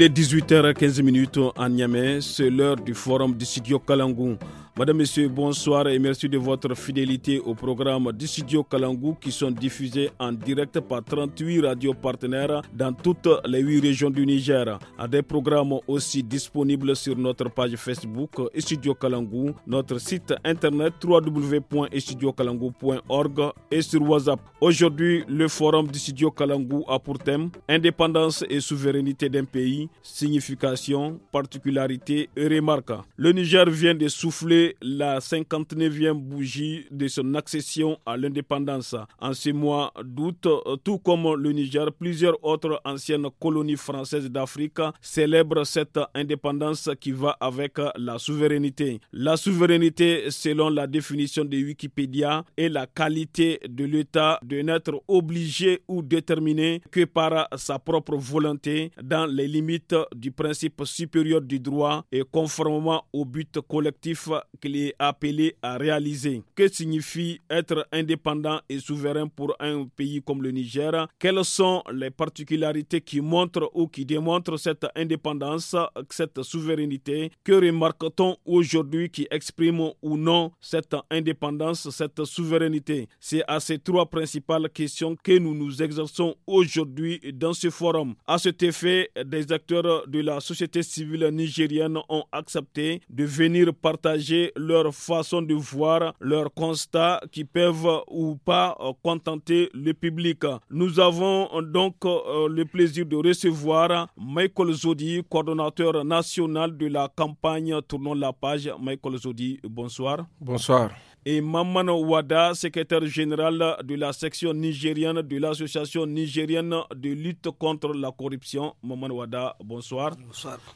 Il est 18h15 en Niamey, c'est l'heure du forum du studio Kalangou. Madame, Monsieur, bonsoir et merci de votre fidélité au programme du studio Kalangou qui sont diffusés en direct par 38 radios partenaires dans toutes les 8 régions du Niger. Des programmes aussi disponibles sur notre page Facebook Studio Kalangou, notre site internet www.studiokalangou.org et sur WhatsApp. Aujourd'hui, le forum du studio Kalangou a pour thème Indépendance et souveraineté d'un pays, signification, particularité et remarques. Le Niger vient de souffler la 59e bougie de son accession à l'indépendance. En ce mois d'août, tout comme le Niger, plusieurs autres anciennes colonies françaises d'Afrique célèbrent cette indépendance qui va avec la souveraineté. La souveraineté, selon la définition de Wikipédia, est la qualité de l'État de n'être obligé ou déterminé que par sa propre volonté dans les limites du principe supérieur du droit et conformément au but collectif qu'il est appelé à réaliser. Que signifie être indépendant et souverain pour un pays comme le Niger Quelles sont les particularités qui montrent ou qui démontrent cette indépendance, cette souveraineté Que remarque-t-on aujourd'hui qui exprime ou non cette indépendance, cette souveraineté C'est à ces trois principales questions que nous nous exerçons aujourd'hui dans ce forum. À cet effet, des acteurs de la société civile nigérienne ont accepté de venir partager leur façon de voir, leurs constats qui peuvent ou pas euh, contenter le public. Nous avons euh, donc euh, le plaisir de recevoir Michael Zodi, coordonnateur national de la campagne Tournons la page. Michael Zodi, bonsoir. Bonsoir et Maman Ouada, secrétaire général de la section nigérienne de l'Association nigérienne de lutte contre la corruption. Maman Ouada, bonsoir.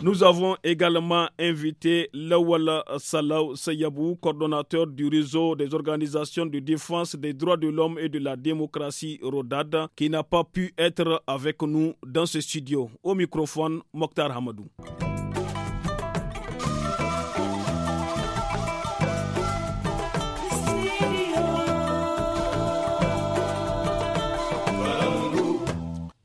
Nous avons également invité Lawala Salaw Sayabou, coordonnateur du réseau des organisations de défense des droits de l'homme et de la démocratie Rodad, qui n'a pas pu être avec nous dans ce studio. Au microphone, Mokhtar Hamadou.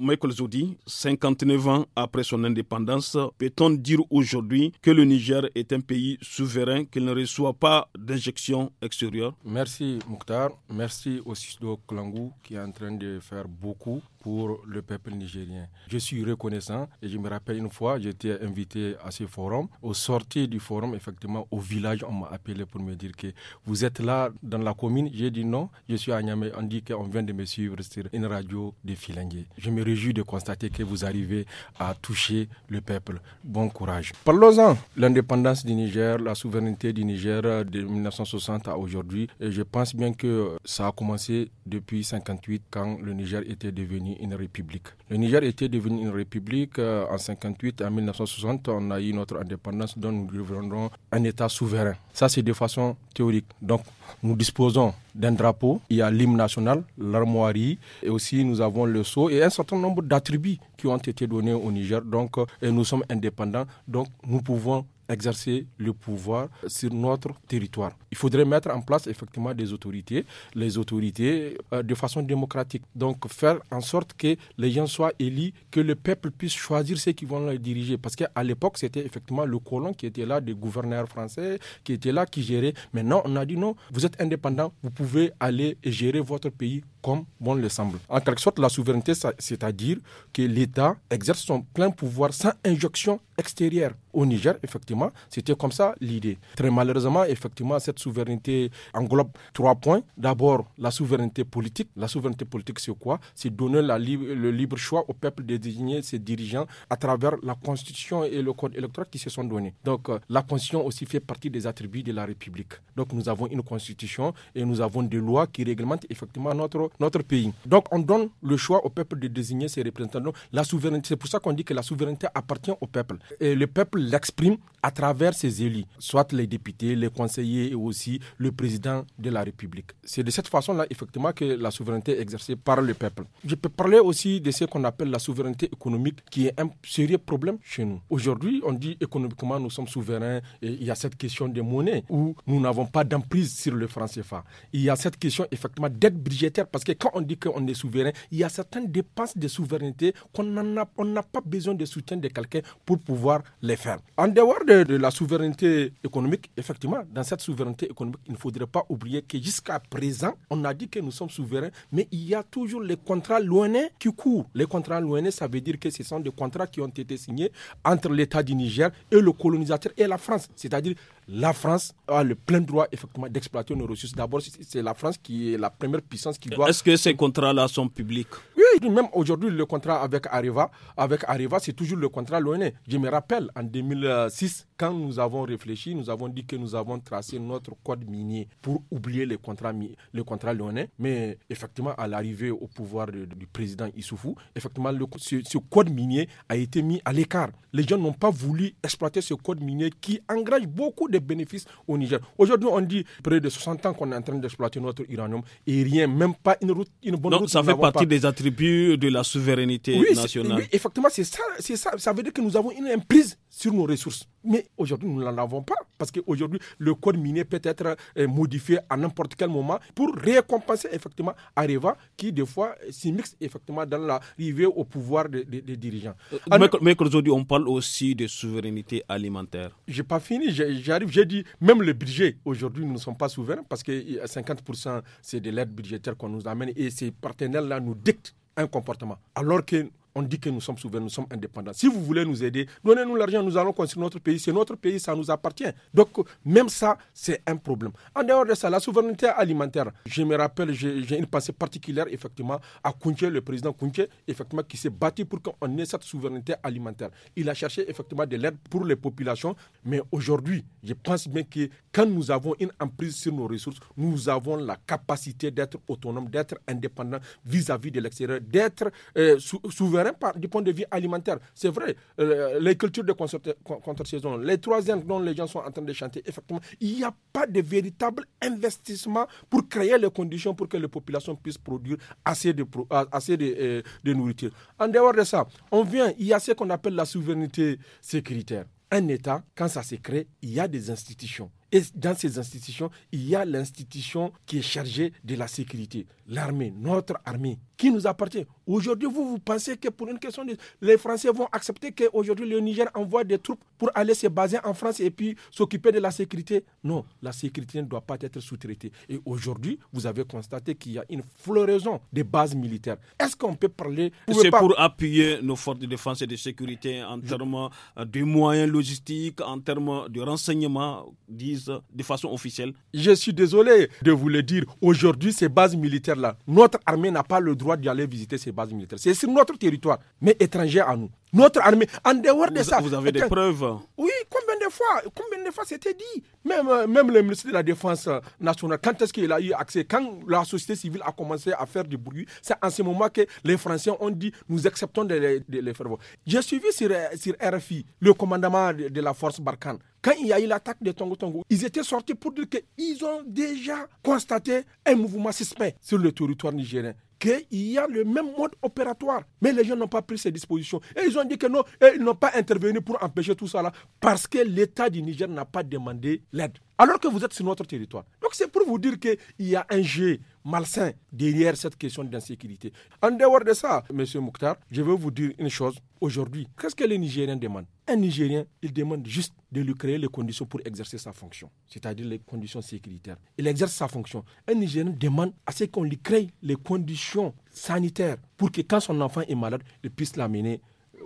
Michael Zoudi, 59 ans après son indépendance, peut-on dire aujourd'hui que le Niger est un pays souverain, qu'il ne reçoit pas d'injection extérieure Merci Mouktar, merci au Sido Klangou qui est en train de faire beaucoup pour le peuple nigérien. Je suis reconnaissant et je me rappelle une fois, j'étais invité à ce forum. Au sortir du forum, effectivement, au village, on m'a appelé pour me dire que vous êtes là dans la commune. J'ai dit non, je suis à Niamey. On dit qu'on vient de me suivre sur une radio de Filingué. Je me réjouis de constater que vous arrivez à toucher le peuple. Bon courage. Parlons-en. L'indépendance du Niger, la souveraineté du Niger de 1960 à aujourd'hui. Et je pense bien que ça a commencé depuis 58 quand le Niger était devenu une république. Le Niger était devenu une république euh, en 58, en 1960, on a eu notre indépendance donc nous deviendrons un État souverain. Ça, c'est de façon théorique. Donc, nous disposons d'un drapeau, il y a l'hymne national, l'armoirie, et aussi nous avons le sceau et un certain nombre d'attributs qui ont été donnés au Niger. Donc, euh, et nous sommes indépendants, donc nous pouvons exercer le pouvoir sur notre territoire. Il faudrait mettre en place effectivement des autorités, les autorités euh, de façon démocratique. Donc faire en sorte que les gens soient élus, que le peuple puisse choisir ceux qui vont le diriger. Parce qu'à l'époque, c'était effectivement le colon qui était là, des gouverneurs français qui étaient là, qui géraient. Maintenant, on a dit non, vous êtes indépendant, vous pouvez aller gérer votre pays comme bon le semble. En quelque sorte, la souveraineté, c'est-à-dire que l'État exerce son plein pouvoir sans injonction extérieure au Niger, effectivement, c'était comme ça l'idée. Très malheureusement, effectivement, cette souveraineté englobe trois points. D'abord, la souveraineté politique. La souveraineté politique, c'est quoi C'est donner la le libre choix au peuple de désigner ses dirigeants à travers la Constitution et le Code électoral qui se sont donnés. Donc, euh, la Constitution aussi fait partie des attributs de la République. Donc, nous avons une Constitution et nous avons des lois qui réglementent effectivement notre, notre pays. Donc, on donne le choix au peuple de désigner ses représentants. Donc, la souveraineté, c'est pour ça qu'on dit que la souveraineté appartient au peuple. Et le peuple l'exprime à travers ses élus, soit les députés, les conseillers et aussi le président de la République. C'est de cette façon-là, effectivement, que la souveraineté est exercée par le peuple. Je peux parler aussi de ce qu'on appelle la souveraineté économique, qui est un sérieux problème chez nous. Aujourd'hui, on dit économiquement, nous sommes souverains, et il y a cette question de monnaie, où nous n'avons pas d'emprise sur le franc CFA. Il y a cette question, effectivement, d'être budgétaire, parce que quand on dit qu'on est souverain, il y a certaines dépenses de souveraineté qu'on n'a pas besoin de soutien de quelqu'un pour pouvoir les faire. En dehors de, la souveraineté économique, effectivement, dans cette souveraineté économique, il ne faudrait pas oublier que jusqu'à présent, on a dit que nous sommes souverains, mais il y a toujours les contrats loinés qui courent. Les contrats loinés, ça veut dire que ce sont des contrats qui ont été signés entre l'État du Niger et le colonisateur et la France. C'est-à-dire la France a le plein droit effectivement d'exploiter nos ressources. D'abord, c'est la France qui est la première puissance qui doit. Est-ce que ces contrats-là sont publics Oui, même aujourd'hui, le contrat avec Areva, avec c'est toujours le contrat l'ONU. Je me rappelle en 2006, quand nous avons réfléchi, nous avons dit que nous avons tracé notre code minier pour oublier les contrats, le contrat lyonnais. Mais effectivement, à l'arrivée au pouvoir du président Issoufou, effectivement, ce, ce, code minier a été mis à l'écart. Les gens n'ont pas voulu exploiter ce code minier qui engage beaucoup de bénéfices au Niger. Aujourd'hui, on dit près de 60 ans qu'on est en train d'exploiter notre uranium et rien, même pas une, route, une bonne Donc, ça fait partie des attributs de la souveraineté nationale. Oui, effectivement, c'est ça, c'est ça. Ça veut dire que nous avons une emprise sur nos ressources. Mais aujourd'hui, nous n'en avons pas parce qu'aujourd'hui, le code minier peut être euh, modifié à n'importe quel moment pour récompenser effectivement Areva qui, des fois, s'immixe effectivement dans l'arrivée au pouvoir des, dirigeants. Euh, mais, mais aujourd'hui, on parle aussi de souveraineté alimentaire. Je n'ai pas fini, j'arrive j'ai dit, même le budget, aujourd'hui, nous ne sommes pas souverains parce que 50%, euh, c'est de l'aide budgétaire qu'on nous amène et ces partenaires-là nous dictent un comportement. Alors que on dit que nous sommes souverains, nous sommes indépendants. Si vous voulez nous aider, donnez-nous l'argent, nous allons construire notre pays. C'est notre pays, ça nous appartient. Donc, même ça, c'est un problème. En dehors de ça, la souveraineté alimentaire, je me rappelle, j'ai une pensée particulière, effectivement, à Kounche, le président Kounche, effectivement, qui s'est battu pour qu'on ait cette souveraineté alimentaire. Il a cherché, effectivement, de l'aide pour les populations. Mais aujourd'hui, je pense bien que quand nous avons une emprise sur nos ressources, nous avons la capacité d'être autonome, d'être indépendant vis-à-vis de l'extérieur, d'être euh, souverains. souverain du point de vue alimentaire. C'est vrai, euh, les cultures de contre-saison, les troisièmes dont les gens sont en train de chanter, effectivement, il n'y a pas de véritable investissement pour créer les conditions pour que les populations puissent produire assez de, euh, assez euh, nourriture. En dehors de ça, on vient, il y a ce qu'on appelle la souveraineté sécuritaire. Un État, quand ça se crée, il y a des institutions et dans ces institutions, il y a l'institution qui est chargée de la sécurité, l'armée, notre armée, qui nous appartient. Aujourd'hui, vous, vous pensez que pour une question de... Les Français vont accepter qu'aujourd'hui le Niger envoie des troupes pour aller se baser en France et puis s'occuper de la sécurité Non, la sécurité ne doit pas être sous-traitée. Et aujourd'hui, vous avez constaté qu'il y a une floraison des bases militaires. Est-ce qu'on peut parler... C'est pour appuyer nos forces de défense et de sécurité en termes euh, de moyens logistiques, en termes de renseignements, disent de façon officielle Je suis désolé de vous le dire. Aujourd'hui, ces bases militaires-là, notre armée n'a pas le droit d'y aller visiter ces bases militaires. C'est sur notre territoire, mais étranger à nous. Notre armée, en dehors de ça. Vous avez des preuves Oui, combien de fois Combien de fois c'était dit même, euh, même le ministre de la Défense euh, nationale, quand est-ce qu'il a eu accès Quand la société civile a commencé à faire du bruit, c'est en ce moment que les Français ont dit nous acceptons de les, faire voir. J'ai suivi sur, euh, RFI le commandement de, la force Barkhane quand il y a eu l'attaque de Tongo Tongo, ils étaient sortis pour dire qu'ils ont déjà constaté un mouvement suspect sur le territoire nigérien qu'il y a le même mode opératoire. Mais les gens n'ont pas pris ces dispositions. Et ils ont dit que non, ils n'ont pas intervenu pour empêcher tout ça là, parce que l'État du Niger n'a pas demandé l'aide. Alors que vous êtes sur notre territoire. Donc c'est pour vous dire qu'il y a un jeu malsain derrière cette question d'insécurité. En dehors de ça, M. Mouktar, je veux vous dire une chose. Aujourd'hui, qu'est-ce que les Nigériens demandent Un Nigérien, il demande juste de lui créer les conditions pour exercer sa fonction, c'est-à-dire les conditions sécuritaires. Il exerce sa fonction. Un Nigérien demande à ce qu'on lui crée les conditions sanitaires pour que quand son enfant est malade, il puisse l'amener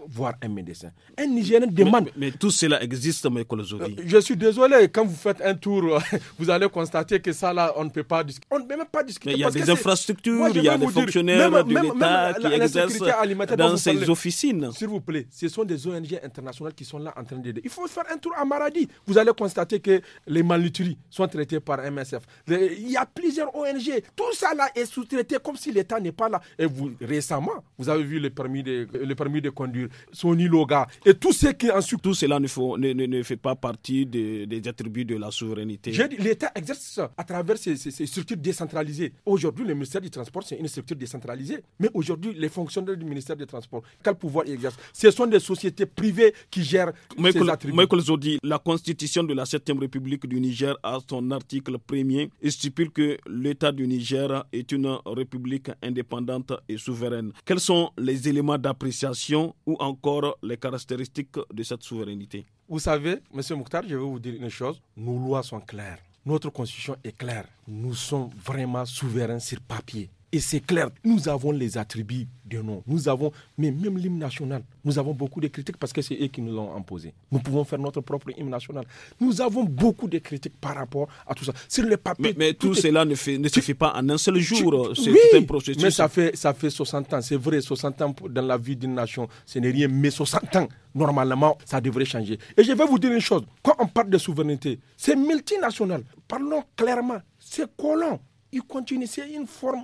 voir un médecin. Un Nigérien demande. Mais, tout cela existe, mais aujourd'hui. Euh, je suis désolé, quand vous faites un tour, vous allez constater que ça, là, on ne peut pas discuter. On ne peut même pas discuter. il y a des infrastructures, il y a des fonctionnaires même, de l'État qui exercent dans ces officines. S'il vous plaît, ce sont des ONG internationales qui sont là en train d'aider. Il faut faire un tour à Maradi. Vous allez constater que les malnutries sont traitées par MSF. Il y a plusieurs ONG. Tout ça, là, est sous-traité comme si l'État n'est pas là. Et vous, récemment, vous avez vu le permis de, le permis de conduire son iloga et tout ce qui ensuite. Tout cela ne, ne, fait pas partie des, attributs de la souveraineté. L'État exerce à travers ces, structures décentralisées. Aujourd'hui, le ministère du Transport, c'est une structure décentralisée. Mais aujourd'hui, les fonctionnaires du ministère du Transport, quel pouvoir ils exercent Ce sont des sociétés privées qui gèrent ces attributs. Michael Zodi, la constitution de la 7e République du Niger, à son article premier, stipule que l'État du Niger est une république indépendante et souveraine. Quels sont les éléments d'appréciation ou encore les caractéristiques de cette souveraineté. Vous savez, M. Mouktar, je vais vous dire une chose. Nos lois sont claires. Notre constitution est claire. Nous sommes vraiment souverains sur papier. Et c'est clair, nous avons les attributs de nom. Nous avons, mais même l'hymne national, nous avons beaucoup de critiques parce que c'est eux qui nous l'ont imposé. Nous pouvons faire notre propre hymne national. Nous avons beaucoup de critiques par rapport à tout ça. Sur le papier. Mais, tout, cela ne, fait, pas en un seul jour. Euh, c'est tout un processus. Mais ça fait, ça fait 60 ans. C'est vrai, 60 ans dans la vie d'une nation, ce n'est rien. Mais 60 ans, normalement, ça devrait changer. Et je vais vous dire une chose. Quand on parle de souveraineté, c'est multinational. Parlons clairement. C'est colon. ils continuent. C'est une forme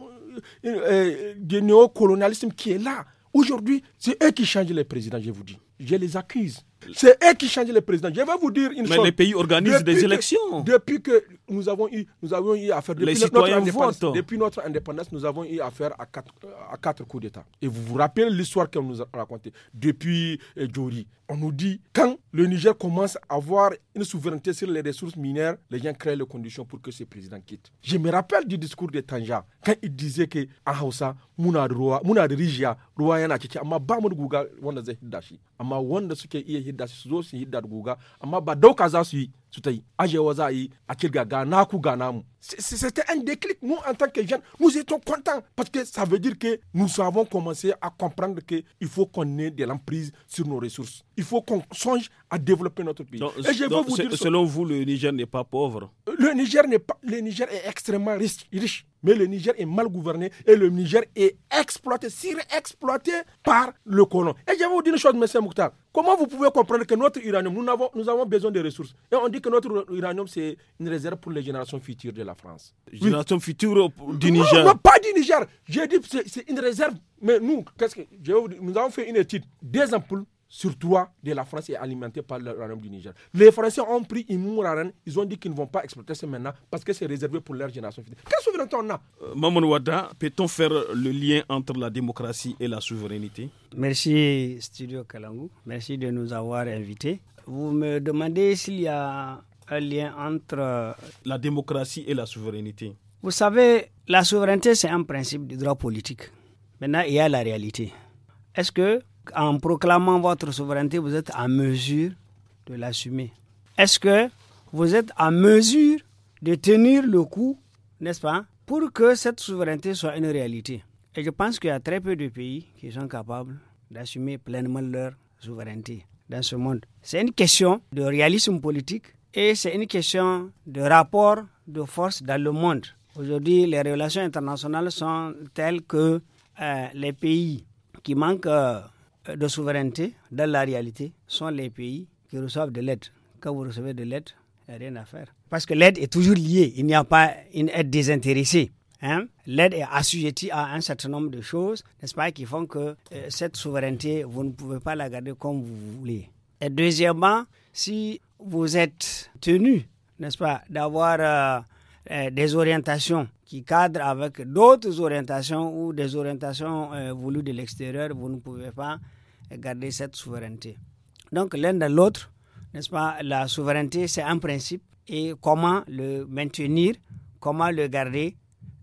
du euh, euh, euh, néocolonialisme qui est là. Aujourd'hui, c'est eux qui changent les présidents, je vous dis. Je les accuse. C'est eux qui changent les présidents. Je vais vous dire une Mais les pays organisent des élections. depuis que nous avons eu, nous avons eu affaire. de les citoyens depuis notre indépendance, nous avons eu affaire à quatre, à quatre coups d'État. Et vous vous rappelez l'histoire qu'on nous a racontée. Depuis Djori, on nous dit quand le Niger commence à avoir une souveraineté sur les ressources minières, les gens créent les conditions pour que ce président quitte. Je me rappelle du discours de Tanja, quand il disait que en ah, Hausa, muna ruwa, muna rijiya, ruwa yana ciki amma ba mu guga wanda zai hidda Amma wanda suke iya hidda shi su su hidda guga, amma ba dauka za su yi c'était un déclic nous en tant que jeunes nous étions contents parce que ça veut dire que nous avons commencé à comprendre que il faut qu'on ait de l'emprise sur nos ressources il faut qu'on songe à développer notre pays selon vous le Niger n'est pas pauvre le Niger n'est pas le Niger est extrêmement riche. Mais le Niger est mal gouverné et le Niger est exploité, surexploité par le colon. Et je vais vous dire une chose, M. Mouktar. Comment vous pouvez comprendre que notre uranium, nous avons, besoin de ressources Et on dit que notre uranium, c'est une réserve pour les générations futures de la France. Génération générations futures du Niger non, pas du Niger. J'ai dit que c'est une réserve. Mais nous, qu'est-ce que. Je vous nous avons fait une étude. Des ampoules sur toi de la France est alimenté par l'uranium du Niger. Les Français ont pris Imour ils ont dit qu'ils ne vont pas exploiter ça maintenant parce que c'est réservé pour leur génération Quelle souveraineté on a euh, Maman peut-on faire le lien entre la démocratie et la souveraineté Merci Studio Kalangu, merci de nous avoir invités. Vous me demandez s'il y a un lien entre... Euh, la démocratie et la souveraineté. Vous savez, la souveraineté, c'est un principe du droit politique. Maintenant, il y a la réalité. Est-ce que en proclamant votre souveraineté, vous êtes en mesure de l'assumer. Est-ce que vous êtes en mesure de tenir le coup, n'est-ce pas, pour que cette souveraineté soit une réalité Et je pense qu'il y a très peu de pays qui sont capables d'assumer pleinement leur souveraineté dans ce monde. C'est une question de réalisme politique et c'est une question de rapport de force dans le monde. Aujourd'hui, les relations internationales sont telles que euh, les pays qui manquent euh, de souveraineté, dans la réalité, sont les pays qui reçoivent de l'aide. Quand vous recevez de l'aide, il n'y a rien à faire. Parce que l'aide est toujours liée. Il n'y a pas une aide désintéressée. Hein. L'aide est assujettie à un certain nombre de choses, n'est-ce pas, qui font que euh, cette souveraineté, vous ne pouvez pas la garder comme vous voulez. Et deuxièmement, si vous êtes tenu, n'est-ce pas, d'avoir euh, euh, des orientations qui cadrent avec d'autres orientations ou des orientations voulues de l'extérieur, vous ne pouvez pas garder cette souveraineté. Donc l'un de l'autre, n'est-ce pas, la souveraineté, c'est un principe, et comment le maintenir, comment le garder,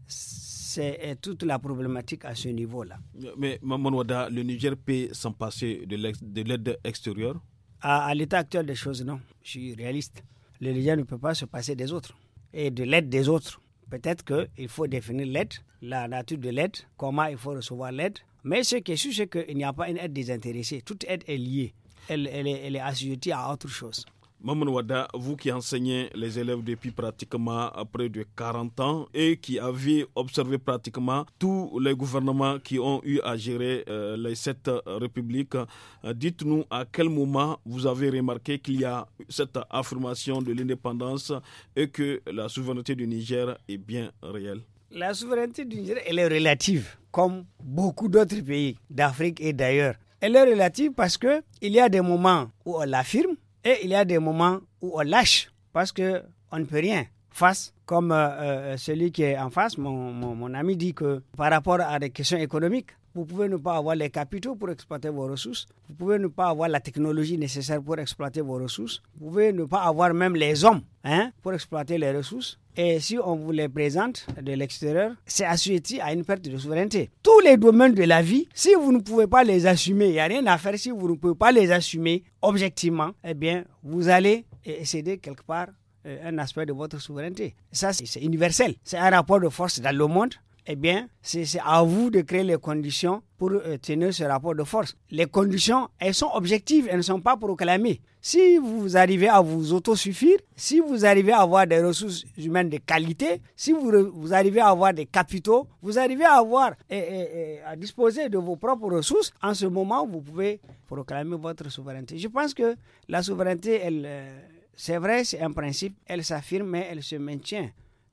c'est euh, toute la problématique à ce niveau-là. Mais Maman Wada, le Niger peut s'en passer de l'aide extérieure À, à l'état actuel des choses, non. Je suis réaliste. Le Niger ne peut pas se passer des autres et de l'aide des autres. Peut-être qu'il faut définir l'aide, la nature de l'aide, comment il faut recevoir l'aide, mais ce qui est sûr, c'est qu'il n'y a pas une aide désintéressée. Toute aide est liée. Elle, est, assujettie à autre chose. Maman Wada, vous qui enseignez les élèves depuis pratiquement près de 40 ans et qui avez observé pratiquement tous les gouvernements qui ont eu à gérer euh, les sept euh, républiques, euh, dites-nous à quel moment vous avez remarqué qu'il y a cette affirmation de l'indépendance et que la souveraineté du Niger est bien réelle. La souveraineté du Niger, elle est relative, comme beaucoup d'autres pays d'Afrique et d'ailleurs. Elle est relative parce que il y a des moments où on l'affirme et il y a des moments où on lâche parce que on ne peut rien face comme euh, euh, celui qui est en face mon, mon, mon, ami dit que par rapport à des questions économiques vous pouvez ne pas avoir les capitaux pour exploiter vos ressources vous pouvez ne pas avoir la technologie nécessaire pour exploiter vos ressources vous pouvez ne pas avoir même les hommes hein, pour exploiter les ressources et si on vous les présente de l'extérieur, c'est assujetti à une perte de souveraineté. Tous les domaines de la vie, si vous ne pouvez pas les assumer, il n'y a rien à faire. Si vous ne pouvez pas les assumer objectivement, eh bien, vous allez céder quelque part euh, un aspect de votre souveraineté. Ça, c'est universel. C'est un rapport de force dans le monde eh bien, c'est à vous de créer les conditions pour euh, tenir ce rapport de force. Les conditions, elles sont objectives, elles ne sont pas proclamées. Si vous arrivez à vous autosuffire, si vous arrivez à avoir des ressources humaines de qualité, si vous, vous arrivez à avoir des capitaux, vous arrivez à avoir et, à disposer de vos propres ressources, en ce moment, vous pouvez proclamer votre souveraineté. Je pense que la souveraineté, elle, euh, c'est vrai, c'est un principe, elle s'affirme, mais elle se maintient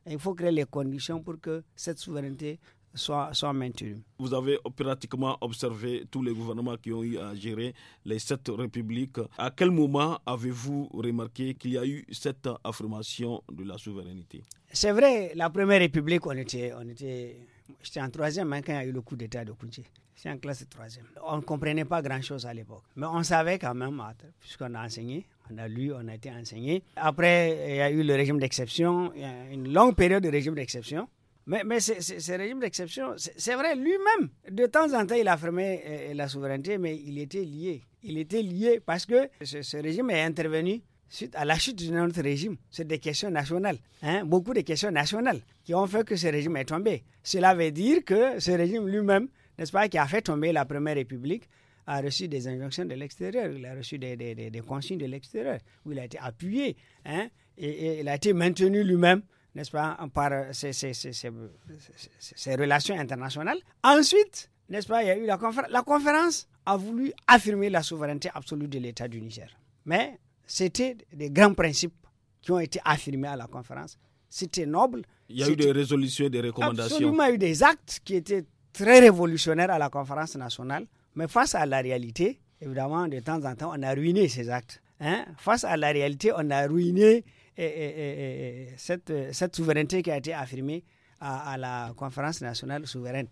il faut créer les conditions pour que cette souveraineté soit, soit maintenue. Vous avez pratiquement observé tous les gouvernements qui ont eu à gérer les sept républiques. À quel moment avez-vous remarqué qu'il y a eu cette affirmation de la souveraineté C'est vrai, la première république, on était, on était J'étais en troisième hein, quand il y a eu le coup d'État de Koudjé. J'étais en classe de troisième. On ne comprenait pas grand-chose à l'époque. Mais on savait quand même, puisqu'on a enseigné, on a lu, on a été enseigné. Après, il y a eu le régime d'exception, il une longue période de régime d'exception. Mais, mais ce régime d'exception, c'est vrai, lui-même, de temps en temps, il affirmait fermé euh, la souveraineté, mais il était lié. Il était lié parce que ce, régime est intervenu suite à la chute de notre régime. C'est des questions nationales, hein, beaucoup de questions nationales qui ont fait que ce régime est tombé. Cela veut dire que ce régime lui-même, n'est-ce pas, qui a fait tomber la Première République, a reçu des injonctions de l'extérieur, il a reçu des, des, des, consignes de l'extérieur, où il a été appuyé, hein, et, il a été maintenu lui-même, n'est-ce pas, par euh, ses, ses, relations internationales. Ensuite, n'est-ce pas, il y a eu la conférence. La conférence a voulu affirmer la souveraineté absolue de l'État du Niger. Mais c'était des grands principes qui ont été affirmés à la conférence. C'était noble, il y a eu des résolutions, des recommandations. Absolument, il y a eu des actes qui étaient très révolutionnaires à la conférence nationale. Mais face à la réalité, évidemment, de temps en temps, on a ruiné ces actes. Hein? Face à la réalité, on a ruiné eh, eh, eh, cette, euh, cette, souveraineté qui a été affirmée à, à la conférence nationale souveraine.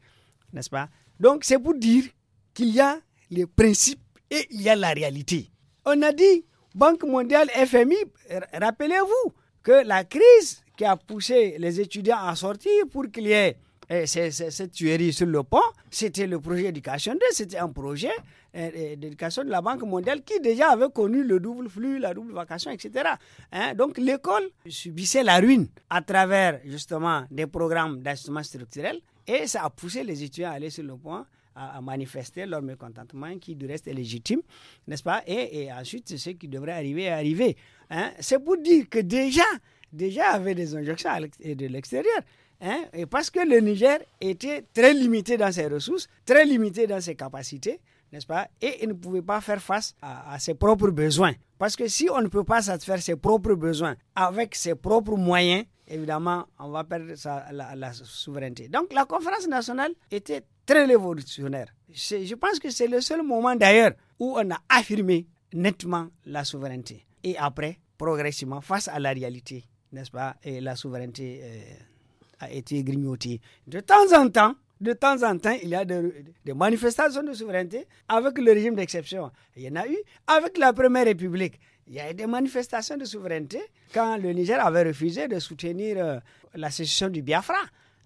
N'est-ce pas Donc, c'est pour dire qu'il y a les principes et il y a la réalité. On a dit Banque mondiale, FMI, rappelez-vous que la crise qui a poussé les étudiants à sortir pour qu'il y ait eh, cette tuerie sur le pont. C'était le projet éducation 2, c'était un projet eh, eh, d'éducation de la Banque mondiale qui déjà avait connu le double flux, la double vacation, etc. Hein. Donc l'école subissait la ruine à travers justement des programmes d'ajustement structurel et ça a poussé les étudiants à aller sur le pont à, manifester leur mécontentement qui du reste est légitime, n'est-ce pas et, ensuite, ensuite, ce qui devrait arriver à arriver. Hein. C'est pour dire que déjà, déjà avait des injections de l'extérieur. Hein, et parce que le Niger était très limité dans ses ressources, très limité dans ses capacités, n'est-ce pas Et il ne pouvait pas faire face à, ses propres besoins. Parce que si on ne peut pas satisfaire ses propres besoins avec ses propres moyens, évidemment, on va perdre sa, la souveraineté. Donc la conférence nationale était très révolutionnaire. Je pense que c'est le seul moment d'ailleurs où on a affirmé nettement la souveraineté. Et après, progressivement, face à la réalité, n'est-ce pas, et la souveraineté euh, a été grignotée. De temps en temps, de temps en temps, il y a des, manifestations de souveraineté avec le régime d'exception. Il y en a eu avec la Première République. Il y a eu des manifestations de souveraineté quand le Niger avait refusé de soutenir euh, la sécession du Biafra.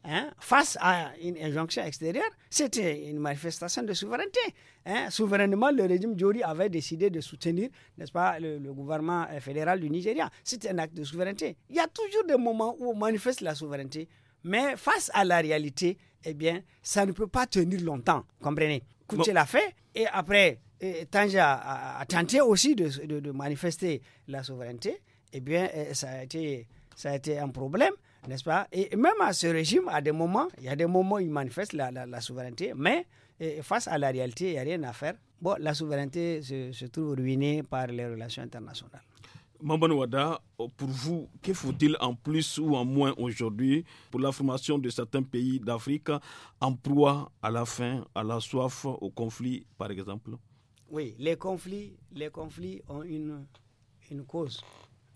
Hein, face à une injonction extérieure, c'était une manifestation de souveraineté. Hein. Souverainement, le régime Jory avait décidé de soutenir, n'est-ce pas, le, gouvernement euh, fédéral du Nigeria. C'était un acte de souveraineté. Il y a toujours des moments où on manifeste la souveraineté, mais face à la réalité, eh bien, ça ne peut pas tenir longtemps, comprenez Kouché l'a fait, et après, et Tanja a, tenté aussi de, manifester la souveraineté, eh bien, eh, ça a été, ça a été un problème n'est-ce pas Et même à ce régime, à des moments, il y a des moments où il manifeste la, souveraineté, mais face à la réalité, il n'y a rien à faire. la souveraineté se, trouve ruinée par les relations internationales. Maman pour vous, que faut-il en plus ou en moins aujourd'hui pour la formation de certains pays d'Afrique en proie à la faim, à la soif, au conflit, par exemple Oui, les conflits, les conflits ont une, une cause,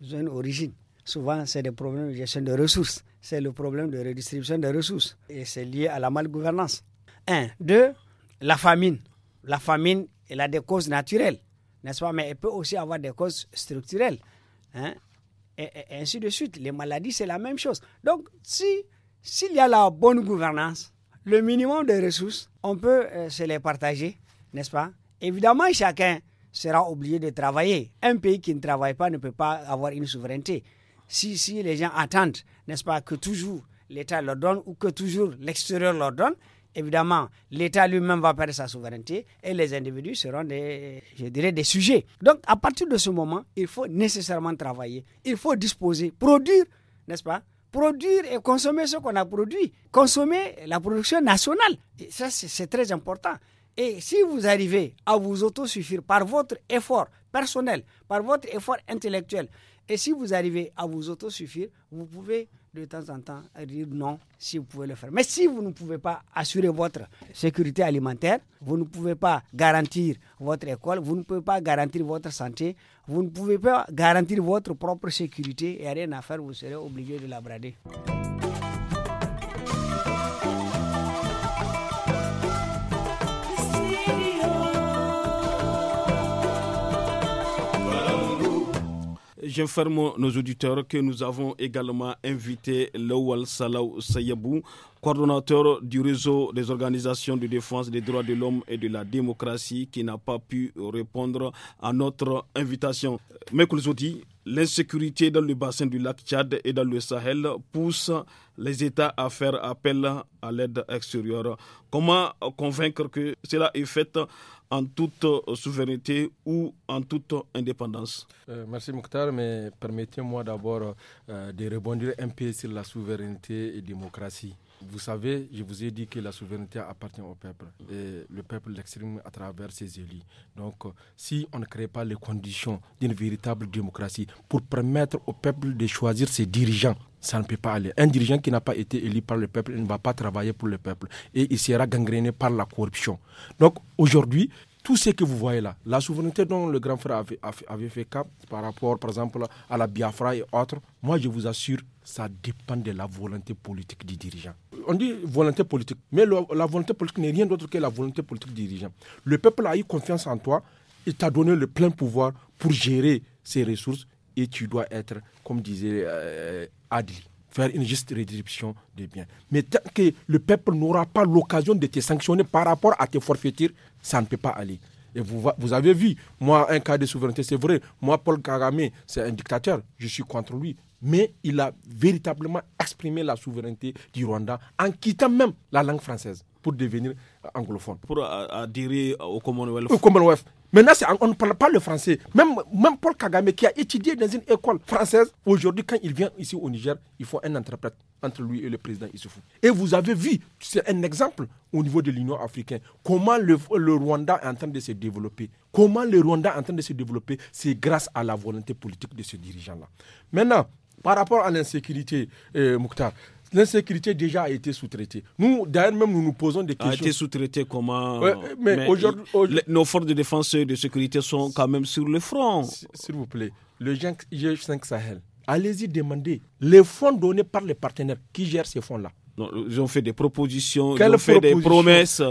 une origine souvent c'est des problèmes de gestion de ressources, c'est le problème de redistribution des ressources et c'est lié à la gouvernance. Un, deux, la famine. La famine, elle a des causes naturelles, n'est-ce pas Mais elle peut aussi avoir des causes structurelles. Hein? Et, ainsi de suite. Les maladies, c'est la même chose. Donc, si s'il y a la bonne gouvernance, le minimum de ressources, on peut euh, se les partager, n'est-ce pas Évidemment, chacun sera obligé de travailler. Un pays qui ne travaille pas ne peut pas avoir une souveraineté si, si les gens attendent, n'est-ce pas, que toujours l'État leur donne ou que toujours l'extérieur leur donne, évidemment, l'État lui-même va perdre sa souveraineté et les individus seront des, je dirais, des sujets. Donc, à partir de ce moment, il faut nécessairement travailler, il faut disposer, produire, n'est-ce pas Produire et consommer ce qu'on a produit, consommer la production nationale. ça, c'est très important. Et si vous arrivez à vous autosuffire par votre effort personnel, par votre effort intellectuel, et si vous arrivez à vous autosuffire, vous pouvez de temps en temps dire non si vous pouvez le faire. Mais si vous ne pouvez pas assurer votre sécurité alimentaire, vous ne pouvez pas garantir votre école, vous ne pouvez pas garantir votre santé, vous ne pouvez pas garantir votre propre sécurité et rien à faire, vous serez obligé de la brader. J'informe nos auditeurs que nous avons également invité Lawal Salaw Sayabou, coordonnateur du réseau des organisations de défense des droits de l'homme et de la démocratie, qui n'a pas pu répondre à notre invitation. dit, l'insécurité dans le bassin du lac Tchad et dans le Sahel pousse les États à faire appel à l'aide extérieure. Comment convaincre que cela est fait en toute euh, souveraineté ou en toute indépendance. Euh, merci Mokhtar, mais permettez-moi d'abord euh, de rebondir un peu sur la souveraineté et la démocratie. Vous savez, je vous ai dit que la souveraineté appartient au peuple et le peuple l'exprime à travers ses élus. Donc, euh, si on ne crée pas les conditions d'une véritable démocratie pour permettre au peuple de choisir ses dirigeants, ça ne peut pas aller. Un dirigeant qui n'a pas été élu par le peuple ne va pas travailler pour le peuple et il sera gangréné par la corruption. Donc, aujourd'hui, tout ce que vous voyez là, la souveraineté dont le grand frère avait, fait cap par rapport, par exemple, à la Biafra et autres, moi je vous assure, ça dépend de la volonté politique du dirigeant. On dit volonté politique, mais la volonté politique n'est rien d'autre que la volonté politique du dirigeant. Le peuple a eu confiance en toi, il t'a donné le plein pouvoir pour gérer ses ressources et tu dois être, comme disait euh, Adli, faire une juste rédiction des biens. Mais tant que le peuple n'aura pas l'occasion de te sanctionner par rapport à tes forfaitures, ça ne peut pas aller. Et vous, vous avez vu, moi, un cas de souveraineté, c'est vrai. Moi, Paul Kagame, c'est un dictateur. Je suis contre lui. Mais il a véritablement exprimé la souveraineté du Rwanda en quittant même la langue française pour devenir anglophone. Pour euh, adhérer au Commonwealth. Au Commonwealth. Maintenant, on ne parle pas le français. Même, Paul Kagame, qui a étudié dans une école française, aujourd'hui, quand il vient ici au Niger, il faut un interprète entre lui et le président Issoufou. Et vous avez vu, c'est un exemple au niveau de l'Union africaine, comment le, Rwanda est en train de se développer. Comment le Rwanda est en train de se développer, c'est grâce à la volonté politique de ce dirigeant-là. Maintenant, par rapport à l'insécurité, euh, Mouktar, L'insécurité déjà a été sous-traitée. Nous, d'ailleurs, même, nous nous posons des questions. A été sous-traitée comment Mais, aujourd'hui. nos forces de défense et de sécurité sont quand même sur le front. S'il vous plaît, le G5 Sahel, allez-y demander les fonds donnés par les partenaires qui gèrent ces fonds-là ils ont fait des propositions, fait des promesses,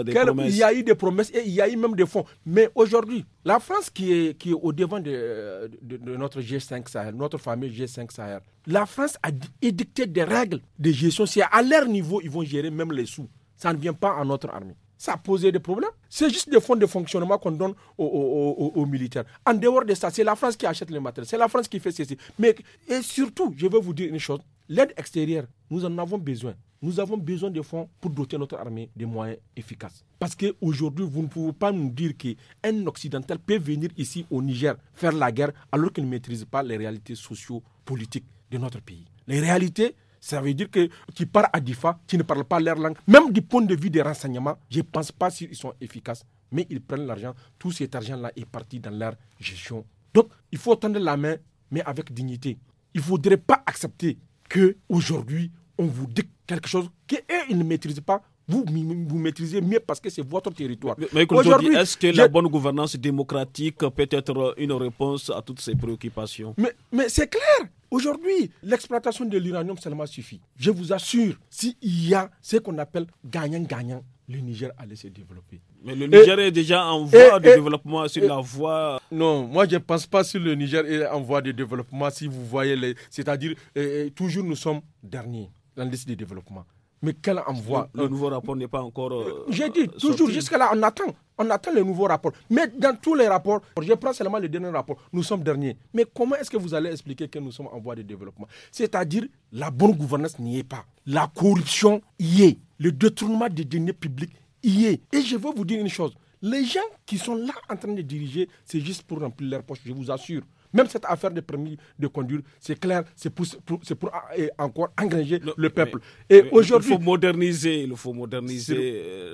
Il y a eu des promesses et il y a eu même des fonds. Mais aujourd'hui, la France qui est, au devant de, notre G5 Sahel, notre fameux G5 Sahel, la France a édicté des règles de gestion. Si à leur niveau, ils vont gérer même les sous, ça ne vient pas à notre armée. Ça a posé des problèmes. C'est juste des fonds de fonctionnement qu'on donne aux, militaires. En dehors de ça, c'est la France qui achète les matériels. c'est la France qui fait ceci. Mais et surtout, je veux vous dire une chose L'aide extérieure, nous en avons besoin. Nous avons besoin de fonds pour doter notre armée de moyens efficaces. Parce qu'aujourd'hui, vous ne pouvez pas nous dire qu'un Occidental peut venir ici au Niger faire la guerre alors qu'il ne maîtrise pas les réalités socio-politiques de notre pays. Les réalités, ça veut dire que qui part à Difa, qui ne parle pas leur langue. Même du point de vue des renseignements, je ne pense pas s'ils sont efficaces. Mais ils prennent l'argent. Tout cet argent-là est parti dans leur gestion. Donc, il faut tendre la main, mais avec dignité. Il ne faudrait pas accepter que aujourd'hui on vous dit quelque chose qu'ils ne maîtrisent pas vous, vous maîtrisez mieux parce que c'est votre territoire. Mais, aujourd'hui, est-ce que la bonne gouvernance démocratique peut être euh, une réponse à toutes ces préoccupations Mais, mais c'est clair Aujourd'hui, l'exploitation de l'uranium seulement suffit. Je vous assure, s'il y a ce qu'on appelle gagnant-gagnant, le Niger allait se développer. Mais le Niger est déjà en voie de développement sur la voie. Non, moi je ne pense pas si le Niger est en voie de développement, si vous voyez, les... c'est-à-dire, toujours nous sommes derniers dans liste de développement. Mais quel envoi le, nouveau rapport n'est pas encore. Euh, J'ai dit, toujours jusqu'à là, on attend. On attend le nouveau rapport. Mais dans tous les rapports, je prends seulement le dernier rapport, nous sommes derniers. Mais comment est-ce que vous allez expliquer que nous sommes en voie de développement C'est-à-dire, la bonne gouvernance n'y est pas. La corruption y est le détournement des deniers publics y est. Et je veux vous dire une chose. Les gens qui sont là en train de diriger, c'est juste pour remplir leur poche, je vous assure. Même cette affaire de permis de conduire, c'est clair, c'est pour, pour, pour, euh, encore engager le, peuple. et aujourd'hui, il faut moderniser, il faut moderniser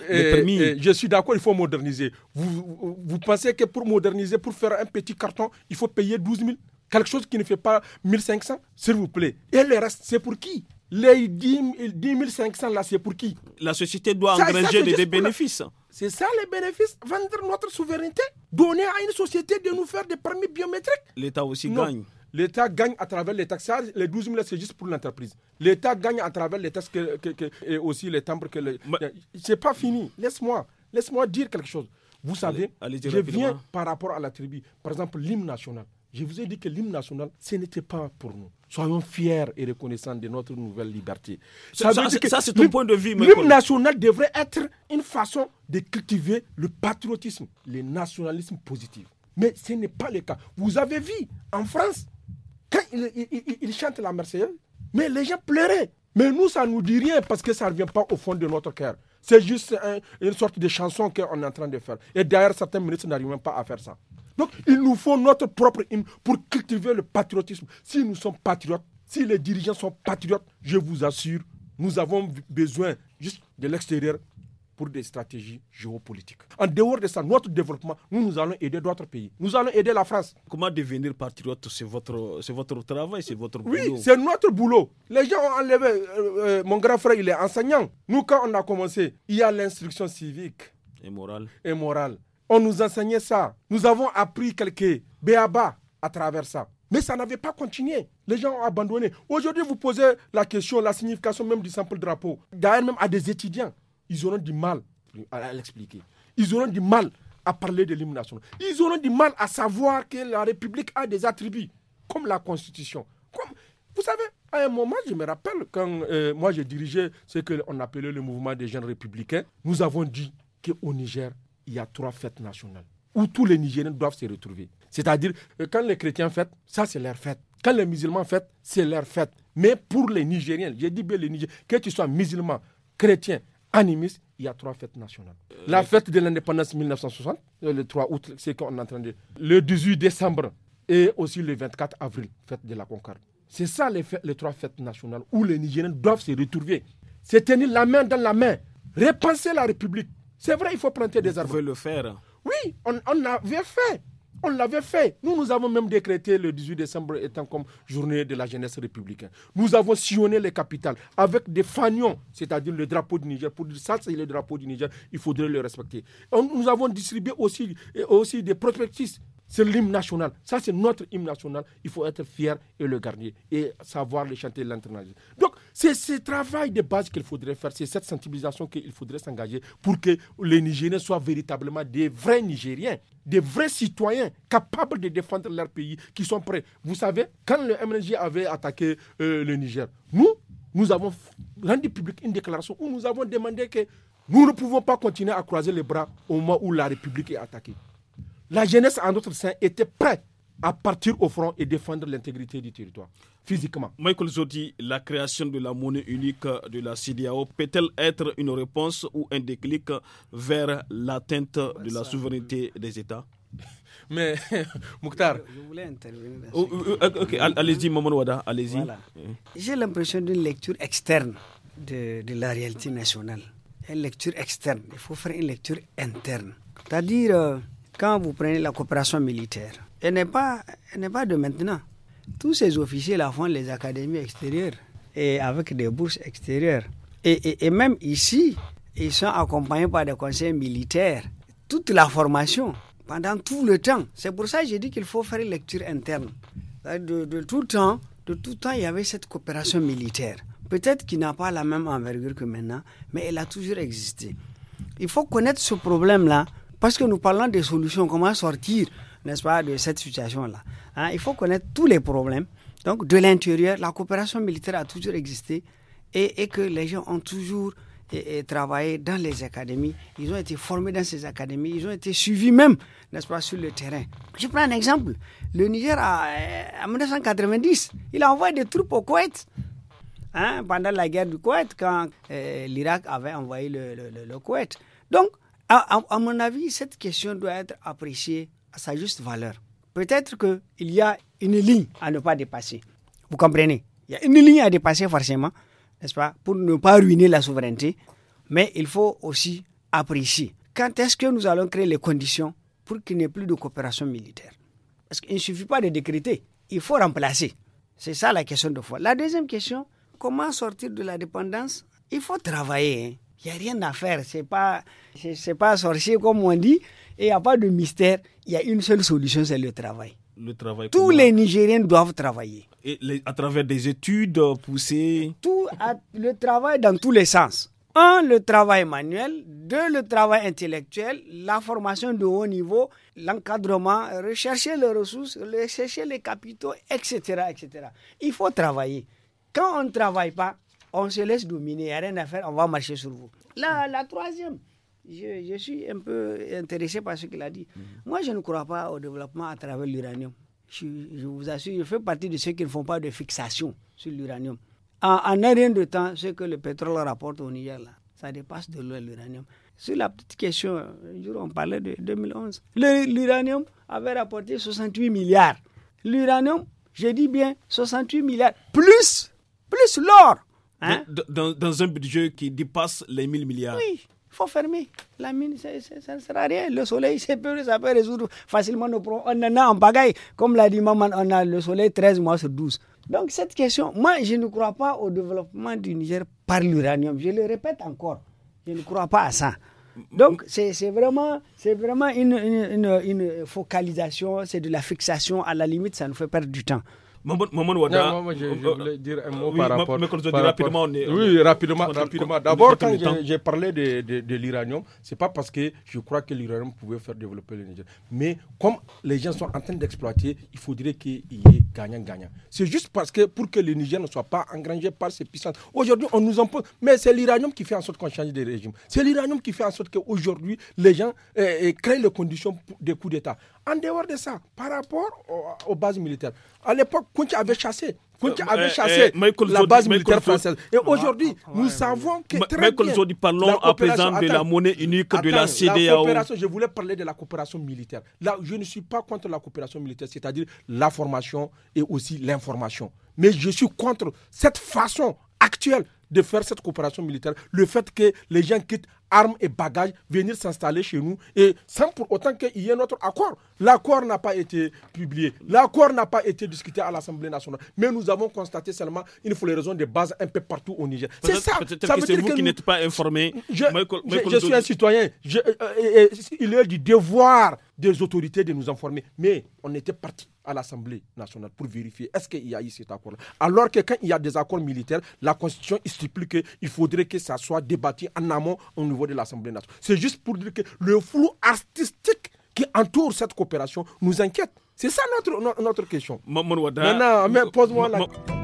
euh, permis. je suis d'accord, il faut moderniser. Vous, vous pensez que pour moderniser, pour faire un petit carton, il faut payer 12 000 Quelque chose qui ne fait pas 500 S'il vous plaît. Et le reste, c'est pour qui les 10, 500 là, c'est pour qui La société doit engranger des, bénéfices. C'est ça les bénéfices Vendre notre souveraineté Donner à une société de nous faire des permis biométriques L'État aussi gagne. L'État gagne à travers les taxes. Les 12 000, c'est juste pour l'entreprise. L'État gagne à travers les taxes et aussi les timbres. que les... C'est pas fini. Laisse-moi. Laisse-moi dire quelque chose. Vous savez, je viens par rapport à la tribu. Par exemple, l'hymne national. Je vous ai dit que l'hymne national, ce n'était pas pour nous. Soyons fiers et reconnaissants de notre nouvelle liberté. Ça, ça, c'est ton point de vue. L'hymne national devrait être une façon de cultiver le patriotisme, le nationalisme positif. Mais ce n'est pas le cas. Vous avez vu en France, quand ils chantent la Marseillaise, mais les gens pleuraient. Mais nous, ça ne nous dit rien parce que ça ne revient pas au fond de notre cœur. C'est juste une sorte de chanson qu'on est en train de faire. Et derrière certains ministres n'arrivent même pas à faire ça. Donc, il nous faut notre propre hymne pour cultiver le patriotisme. Si nous sommes patriotes, si les dirigeants sont patriotes, je vous assure, nous avons besoin juste de l'extérieur pour des stratégies géopolitiques. En dehors de ça, notre développement, nous, nous allons aider d'autres pays. Nous allons aider la France. Comment devenir patriote C'est votre, c'est votre travail, c'est votre boulot. Oui, c'est notre boulot. Les gens ont enlevé. Euh, euh, mon grand frère, il est enseignant. Nous, quand on a commencé, il y a l'instruction civique. Et morale. Et morale. On nous enseignait ça. Nous avons appris quelques béabas à travers ça. Mais ça n'avait pas continué. Les gens ont abandonné. Aujourd'hui, vous posez la question, la signification même du simple drapeau. D'ailleurs, même à des étudiants, ils auront du mal à l'expliquer. Ils auront du mal à parler de Ils auront du mal à savoir que la République a des attributs, comme la Constitution. Comme, vous savez, à un moment, je me rappelle, quand euh, moi j'ai dirigé ce qu'on appelait le mouvement des jeunes républicains, nous avons dit qu'au Niger, il y a trois fêtes nationales où tous les Nigériens doivent se retrouver. C'est-à-dire, euh, quand les chrétiens fêtent, ça c'est leur fête. Quand les musulmans fêtent, c'est leur fête. Mais pour les Nigériens, j'ai dit bien les Nigériens, que tu sois musulman, chrétien, animiste, il y a trois fêtes nationales. Euh, la fête de l'indépendance 1960, euh, le 3 août, c'est qu'on est en train de... Le 18 décembre et aussi le 24 avril, fête de la Concorde. C'est ça les, trois fêtes nationales où les Nigériens doivent se retrouver. C'est tenir la main dans la main. Repenser la République. C'est vrai, il faut planter des arbres. Vous le faire. Oui, on, l'avait fait. On l'avait fait. Nous, nous avons même décrété le 18 décembre étant comme journée de la jeunesse républicaine. Nous avons sillonné les capitales avec des fanions, c'est-à-dire le drapeau du Niger. Pour dire ça, c'est le drapeau du Niger, il faudrait le respecter. nous avons distribué aussi, euh, aussi des prospectus. C'est l'hymne national. Ça, c'est notre hymne national. Il faut être fier et le garder et savoir le chanter l'entraînement. Donc, c'est ce travail de base qu'il faudrait faire, c'est cette sensibilisation qu'il faudrait s'engager pour que les Nigériens soient véritablement des vrais Nigériens, des vrais citoyens capables de défendre leur pays, qui sont prêts. Vous savez, quand le MNJ avait attaqué euh, le Niger, nous, nous avons rendu public une déclaration où nous avons demandé que nous ne pouvons pas continuer à croiser les bras au moment où la République est attaquée. La jeunesse en notre sein était prête à partir au front et défendre l'intégrité du territoire physiquement. Michael Zodi, la création de la monnaie unique de la CDAO peut-elle être une réponse ou un déclic vers l'atteinte bah, de la souveraineté des États mais Mouktar. Je intervenir. Oh, oh, oh, allez-y, Maman Wada, allez-y. J'ai l'impression d'une lecture externe de, la réalité nationale. Une lecture externe. Il faut faire une lecture interne. C'est-à-dire, euh, quand vous prenez la coopération militaire, elle n'est pas, pas de maintenant. Tous ces officiers la font les académies extérieures et avec des bourses extérieures. Et, et, et même ici, ils sont accompagnés par des conseils militaires. Toute la formation, pendant tout le temps. C'est pour ça que j'ai dit qu'il faut faire une lecture interne. De, de, tout temps, de tout temps, il y avait cette coopération militaire. Peut-être qu'il n'a pas la même envergure que maintenant, mais elle a toujours existé. Il faut connaître ce problème-là, parce que nous parlons des solutions, comment sortir n'est-ce pas, de cette situation-là. Hein, il faut connaître tous les problèmes. Donc, de l'intérieur, la coopération militaire a toujours existé et, et que les gens ont toujours travaillé dans les académies. Ils ont été formés dans ces académies. Ils ont été suivis même, n'est-ce pas, sur le terrain. Je prends un exemple. Le Niger, euh, en 1990, il a envoyé des troupes au Koweït. Hein, pendant la guerre du Koweït, quand euh, l'Irak avait envoyé le, le, le, Koweït. Donc, à, mon avis, cette question doit être appréciée à sa juste valeur. Peut-être qu'il y a une ligne à ne pas dépasser. Vous comprenez Il y a une ligne à dépasser forcément, n'est-ce pas, pour ne pas ruiner la souveraineté. Mais il faut aussi apprécier. Quand est-ce que nous allons créer les conditions pour qu'il n'y ait plus de coopération militaire Parce qu'il ne suffit pas de décréter, il faut remplacer. C'est ça la question de foi. La deuxième question, comment sortir de la dépendance Il faut travailler. Hein. Il n'y a rien à faire. Ce n'est pas, c'est, pas sorcier comme on dit et il n'y a pas de mystère il y a une seule solution, c'est le travail. Le travail Tous les Nigériens doivent travailler. Et à travers des études euh, poussées Tout Le travail dans tous les sens. Un, le travail manuel. Deux, le travail intellectuel. La formation de haut niveau, l'encadrement, rechercher les ressources, rechercher les capitaux, etc., etc. Il faut travailler. Quand on ne travaille pas, on se laisse dominer. Il n'y a rien à faire, on va marcher sur vous. La, la troisième, je, suis un peu intéressé par ce qu'il a dit. Mhm. Moi, je ne crois pas au développement à travers l'uranium. Je, vous assure, je fais partie de ceux qui ne font pas de fixation sur l'uranium. En, un rien de temps, ce que le pétrole rapporte au Niger, ça dépasse de l'uranium. Sur la petite question, un on parlait de 2011, l'uranium avait rapporté 68 milliards. L'uranium, je dis bien 68 milliards, plus, plus l'or. Hein? Dans, un budget qui dépasse les 1000 milliards. Oui, faut fermer. La mine, ça ne sert à rien. Le soleil, ça peut, résoudre facilement nos problèmes. On a un bagaille. Comme l'a dit Maman, on a le soleil 13 mois sur 12. Donc cette question, moi, je ne crois pas au développement du Niger par l'uranium. Je le répète encore. Je ne crois pas à ça. Donc, c'est vraiment, vraiment une focalisation, c'est de la fixation. À la limite, ça nous fait perdre du temps. Maman je, euh, voulais dire un mot par rapport. rapidement, Oui, rapidement. D'abord, quand j'ai parlé de, l'Iranium, de ce n'est pas parce que je crois que l'Iranium pouvait faire développer le Niger. Mais comme les gens sont en train d'exploiter, il faudrait qu'il y ait gagnant-gagnant. C'est juste parce que pour que le Niger ne soit pas engrangé par ces puissances. Aujourd'hui, on nous impose. Mais c'est l'Iranium qui fait en sorte qu'on change de régime. C'est l'Iranium qui fait en sorte qu'aujourd'hui, les gens euh, euh, créent les conditions des coups d'État. En dehors de ça, par rapport aux bases militaires, à l'époque, Kunti avait chassé. Euh, avait eh, chassé eh, la base militaire française. Et ah, aujourd'hui, ah, nous savons que très Michael bien, parlons à présent de la monnaie unique de la CDAO. je voulais parler de la coopération militaire. Là, je ne suis pas contre la coopération militaire, c'est-à-dire la formation et aussi l'information. Mais je suis contre cette façon actuelle de faire cette coopération militaire, le fait que les gens quittent armes et bagages, venir s'installer chez nous, et sans pour autant qu'il y ait notre accord. L'accord n'a pas été publié, l'accord n'a pas été discuté à l'Assemblée nationale, mais nous avons constaté seulement une floraison de base un peu partout au Niger. C'est ça. ça c'est vous qui n'êtes pas informé. Je, suis un citoyen. Euh, euh, euh, il est du devoir des autorités de nous informer, mais on était parti à l'Assemblée nationale pour vérifier est-ce qu'il y a eu cet accord Alors que quand il y a des accords militaires, la Constitution stipule qu'il faudrait que ça soit débattu en amont au niveau de l'Assemblée nationale. C'est juste pour dire que le flou artistique qui entoure cette coopération nous inquiète. C'est ça notre, notre, question. Maintenant, pose question.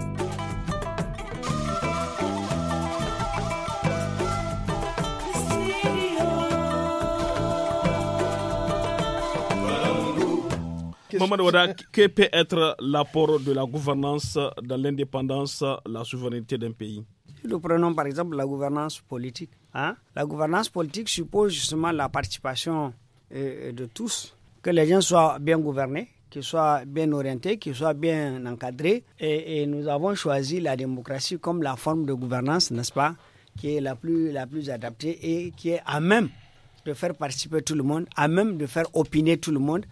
que peut être l'apport de la gouvernance dans l'indépendance, la souveraineté d'un pays Nous prenons par exemple la gouvernance politique. Hein, la gouvernance politique suppose justement la participation euh, de tous, que les gens soient bien gouvernés, qu'ils soient bien orientés, qu'ils soient bien encadrés. Et, et, nous avons choisi la démocratie comme la forme de gouvernance, n'est-ce pas, qui est la plus, la plus adaptée et qui est à même de faire participer tout le monde, à même de faire opiner tout le monde,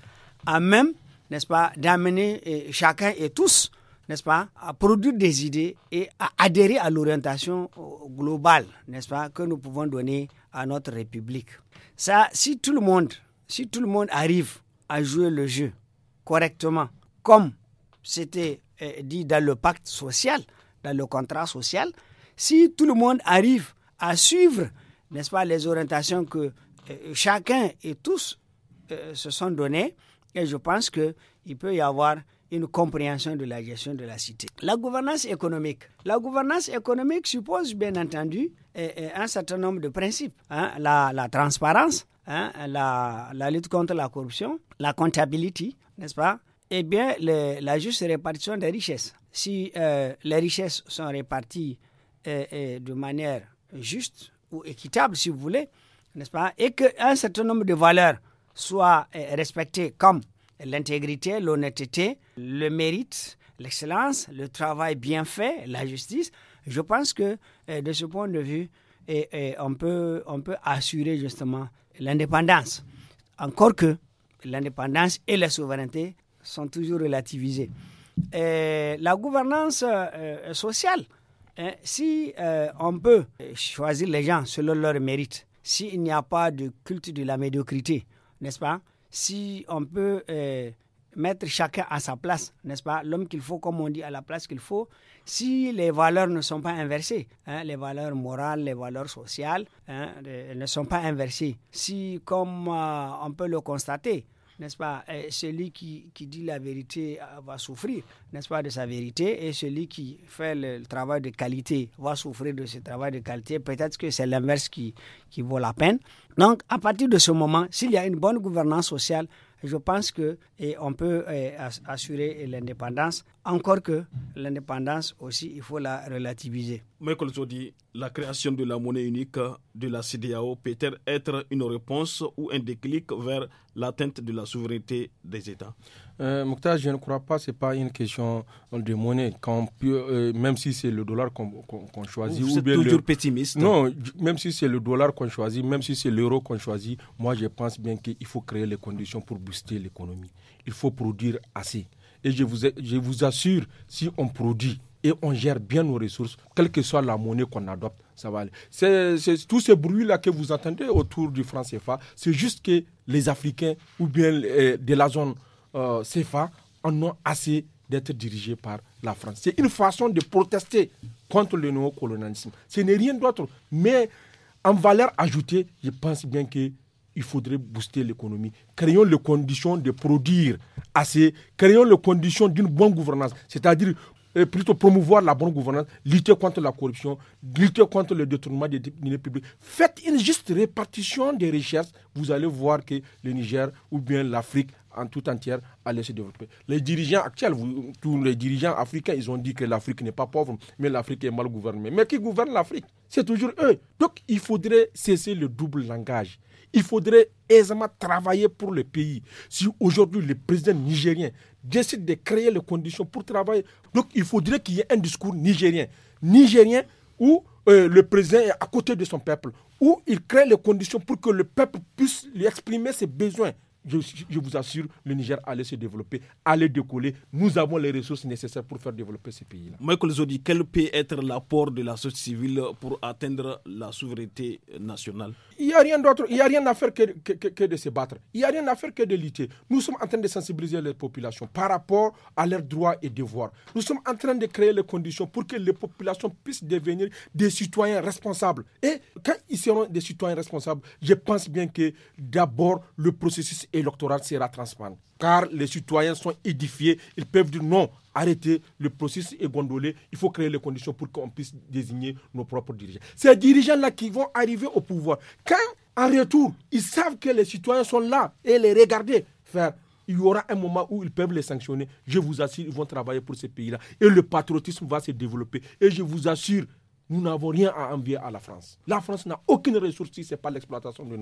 à même n'est-ce pas, d'amener euh, chacun et tous, n'est-ce pas, à produire des idées et à adhérer à l'orientation euh, globale, n'est-ce pas, que nous pouvons donner à notre République. Ça, si tout le monde, si tout le monde arrive à jouer le jeu correctement, comme c'était euh, dit dans le pacte social, dans le contrat social, si tout le monde arrive à suivre, n'est-ce pas, les orientations que chacun et tous se sont données, et je pense qu'il peut y avoir une compréhension de la gestion de la cité. La gouvernance économique. La gouvernance économique suppose bien entendu un certain nombre de principes. Hein. la, transparence, hein, la, lutte contre la corruption, la comptabilité, n'est-ce pas Et bien la juste répartition des richesses. Si euh, les richesses sont réparties euh, euh, de manière juste ou équitable, si vous voulez, n'est-ce pas Et qu'un certain nombre de valeurs soit euh, respectés comme l'intégrité, l'honnêteté, le mérite, l'excellence, le travail bien fait, la justice, je pense que euh, de ce point de vue, et, on, peut, assurer justement l'indépendance. Encore que l'indépendance et la souveraineté sont toujours relativisées. Euh, la gouvernance sociale, hein, si on peut choisir les gens selon leur mérite, s'il n'y a pas de culte de la médiocrité, n'est-ce pas Si on peut euh, mettre chacun à sa place, n'est-ce pas L'homme qu'il faut, comme on dit, à la place qu'il faut, si les valeurs ne sont pas inversées, hein, les valeurs morales, les valeurs sociales, hein, euh, ne sont pas inversées. Si, comme euh, on peut le constater, n'est-ce pas Celui qui, qui, dit la vérité va souffrir, n'est-ce pas, de sa vérité, et celui qui fait le, travail de qualité va souffrir de ce travail de qualité. Peut-être que c'est l'inverse qui, qui vaut la peine. Donc, à partir de ce moment, s'il y a une bonne gouvernance sociale, je pense que et on peut eh, assurer l'indépendance encore que l'indépendance aussi, il faut la relativiser. Mais le dit, la création de la monnaie unique de la CDAO peut-elle être une réponse ou un déclic vers l'atteinte de la souveraineté des États euh, je ne crois pas, ce n'est pas une question de monnaie. Quand euh, même si c'est le dollar qu'on choisit. Vous êtes toujours pessimiste. Non, même si c'est le dollar qu'on choisit, même si c'est l'euro qu'on choisit, moi je pense bien qu'il faut créer les conditions pour booster l'économie. Il faut produire assez et je vous, je vous assure, si on produit et on gère bien nos ressources, quelle que soit la monnaie qu'on adopte, ça va aller. tout ce bruit-là que vous entendez autour du franc CFA, c'est juste que les Africains ou bien euh, de la zone euh, CFA en ont assez d'être dirigés par la France. C'est une façon de protester contre le néocolonialisme. Ce n'est rien d'autre. Mais en valeur ajoutée, je pense bien que il faudrait booster l'économie. Créons les conditions de produire assez, créons les conditions d'une bonne gouvernance, c'est-à-dire eh, plutôt promouvoir la bonne gouvernance, lutter contre la corruption, lutter contre le détournement des deniers publics. Faites une juste répartition des richesses, vous allez voir que le Niger ou bien l'Afrique en tout entière allait se développer. Les dirigeants actuels, tous les dirigeants africains, ils ont dit que l'Afrique n'est pas pauvre, mais l'Afrique est mal gouvernée. Mais qui gouverne l'Afrique C'est toujours eux. Donc il faudrait cesser le double langage il faudrait aisément travailler pour le pays. Si aujourd'hui le président nigérien décide de créer les conditions pour travailler, donc il faudrait qu'il y ait un discours nigérien. Nigérien où euh, le président est à côté de son peuple, où il crée les conditions pour que le peuple puisse lui exprimer ses besoins je, vous assure, le Niger allait se développer, allait décoller. Nous avons les ressources nécessaires pour faire développer ce pays-là. Michael Zodi, quel peut être l'apport de la société civile pour atteindre la souveraineté nationale Il n'y a rien d'autre, il n'y a rien à faire que, que, de se battre. Il n'y a rien à faire que de lutter. Nous sommes en train de sensibiliser les populations par rapport à leurs droits et devoirs. Nous sommes en train de créer les conditions pour que les populations puissent devenir des citoyens responsables. Et quand ils seront des citoyens responsables, je pense bien que d'abord le processus et électoral sera transparent. Car les citoyens sont édifiés, ils peuvent dire non, arrêtez, le processus est gondolé, il faut créer les conditions pour qu'on puisse désigner nos propres dirigeants. Ces dirigeants-là qui vont arriver au pouvoir, quand en retour, ils savent que les citoyens sont là et les regarder faire il y aura un moment où ils peuvent les sanctionner. Je vous assure, ils vont travailler pour ces pays-là. Et le patriotisme va se développer. Et je vous assure, nous n'avons rien à envier à la France. La France n'a aucune ressource si ce n'est pas l'exploitation de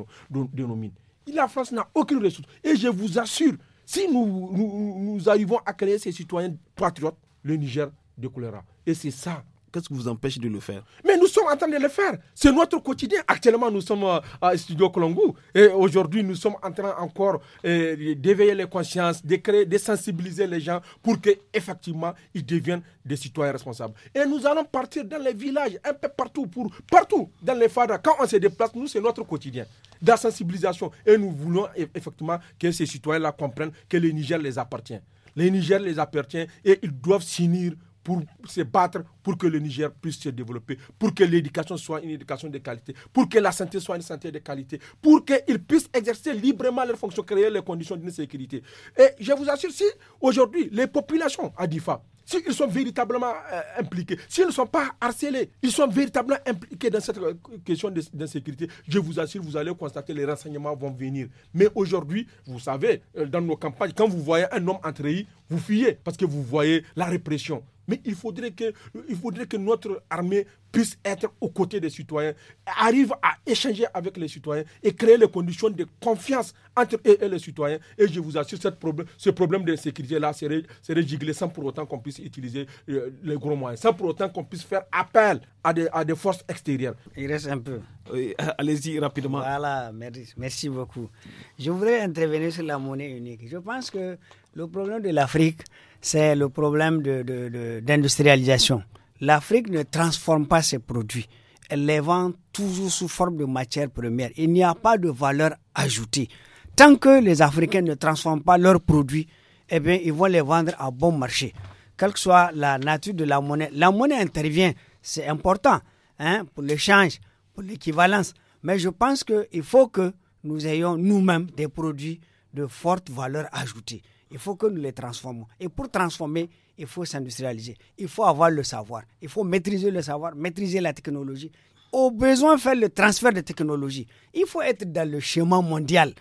de nos mines. La France n'a aucune ressource. Et je vous assure, si nous, arrivons à créer ces citoyens patriotes, le Niger découlera. Et c'est ça qu'est-ce qui vous empêche de le faire Mais nous sommes en train de le faire. C'est notre quotidien. Actuellement, nous sommes euh, à Studio Colombo. Et aujourd'hui, nous sommes en train encore euh, d'éveiller les consciences, de, créer, de sensibiliser les gens pour qu'effectivement, ils deviennent des citoyens responsables. Et nous allons partir dans les villages, un peu partout, pour, partout dans les Fada. Quand on se déplace, nous, c'est notre quotidien de sensibilisation. Et nous voulons effectivement que ces citoyens-là comprennent que le Niger les appartient. Le Niger les appartient et ils doivent s'unir pour se battre pour que le Niger puisse se développer, pour que l'éducation soit une éducation de qualité, pour que la santé soit une santé de qualité, pour qu'ils puissent exercer librement leurs fonctions, créer les conditions d'une sécurité. Et je vous assure, si aujourd'hui les populations à DIFA, s'ils sont véritablement euh, impliqués, s'ils ne sont pas harcelés, ils sont véritablement impliqués dans cette euh, question d'insécurité, je vous assure, vous allez constater les renseignements vont venir. Mais aujourd'hui, vous savez, euh, dans nos campagnes, quand vous voyez un homme entrer, vous fuyez parce que vous voyez la répression. Mais il faudrait que, il faudrait que notre armée puisse être aux côtés des citoyens, arrive à échanger avec les citoyens et créer les conditions de confiance entre eux et les citoyens. Et je vous assure, cette problème, ce problème de sécurité-là serait, serait giglé sans pour autant qu'on puisse utiliser euh, les gros moyens, sans pour autant qu'on puisse faire appel à des, à des, forces extérieures. Il reste un peu. Allez-y rapidement. Voilà, merci beaucoup. Je voudrais intervenir sur la monnaie unique. Je pense que le problème de l'Afrique, c'est le problème d'industrialisation. De, L'Afrique ne transforme pas ses produits. Elle les vend toujours sous forme de matières premières. Il n'y a pas de valeur ajoutée. Tant que les Africains ne transforment pas leurs produits, eh bien, ils vont les vendre à bon marché. Quelle que soit la nature de la monnaie, la monnaie intervient, c'est important hein, pour l'échange, pour l'équivalence. Mais je pense qu'il faut que nous ayons nous-mêmes des produits de forte valeur ajoutée. Il faut que nous les transformons. Et pour transformer, il faut s'industrialiser. Il faut avoir le savoir. Il faut maîtriser le savoir, maîtriser la technologie. Au besoin, faire le transfert de technologie. Il faut être dans le chemin mondial.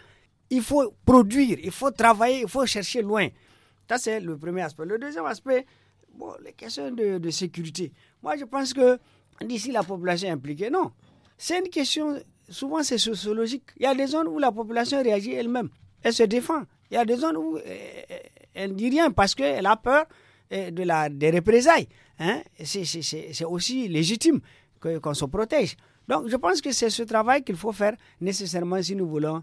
Il faut produire, il faut travailler, il faut chercher loin. Ça, c'est le premier aspect. Le deuxième aspect, bon, les questions de, de sécurité. Moi, je pense que d'ici la population est impliquée, non. C'est une question, souvent c'est sociologique. Il y a des zones où la population réagit elle-même. Elle se défend. Il y a des zones où euh, euh, elle ne dit rien parce qu'elle a peur euh, de la, des représailles. Hein. C'est aussi légitime qu'on se protège. Donc je pense que c'est ce travail qu'il faut faire nécessairement si nous voulons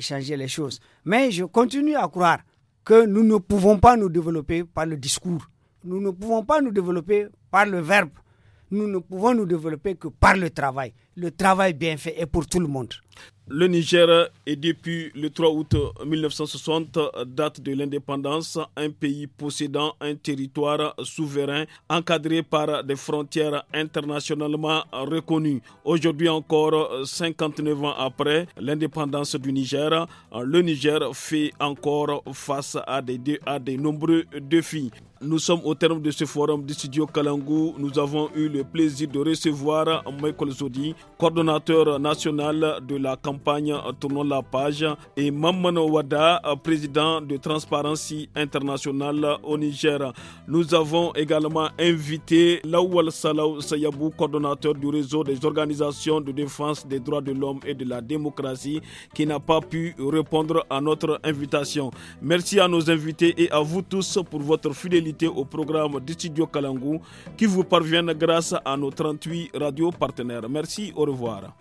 changer les choses. Mais je continue à croire que nous ne pouvons pas nous développer par le discours. Nous ne pouvons pas nous développer par le verbe. Nous ne pouvons nous développer que par le travail. Le travail bien fait est pour tout le monde. Le Niger est depuis le 3 août 1960, date de l'indépendance, un pays possédant un territoire souverain encadré par des frontières internationalement reconnues. Aujourd'hui encore, 59 ans après l'indépendance du Niger, le Niger fait encore face à des, nombreux défis. Nous sommes au terme de ce forum du studio Kalangou. Nous avons eu le plaisir de recevoir Michael Zodi, coordonnateur national de la campagne Tournons la page, et Mamman Wada, président de Transparency International au Niger. Nous avons également invité Lawal Salaou Sayabou, coordonnateur du réseau des organisations de défense des droits de l'homme et de la démocratie, qui n'a pas pu répondre à notre invitation. Merci à nos invités et à vous tous pour votre fidélité au programme du studio Kalangou qui vous parviennent grâce à nos 38 radios partenaires. Merci, au revoir.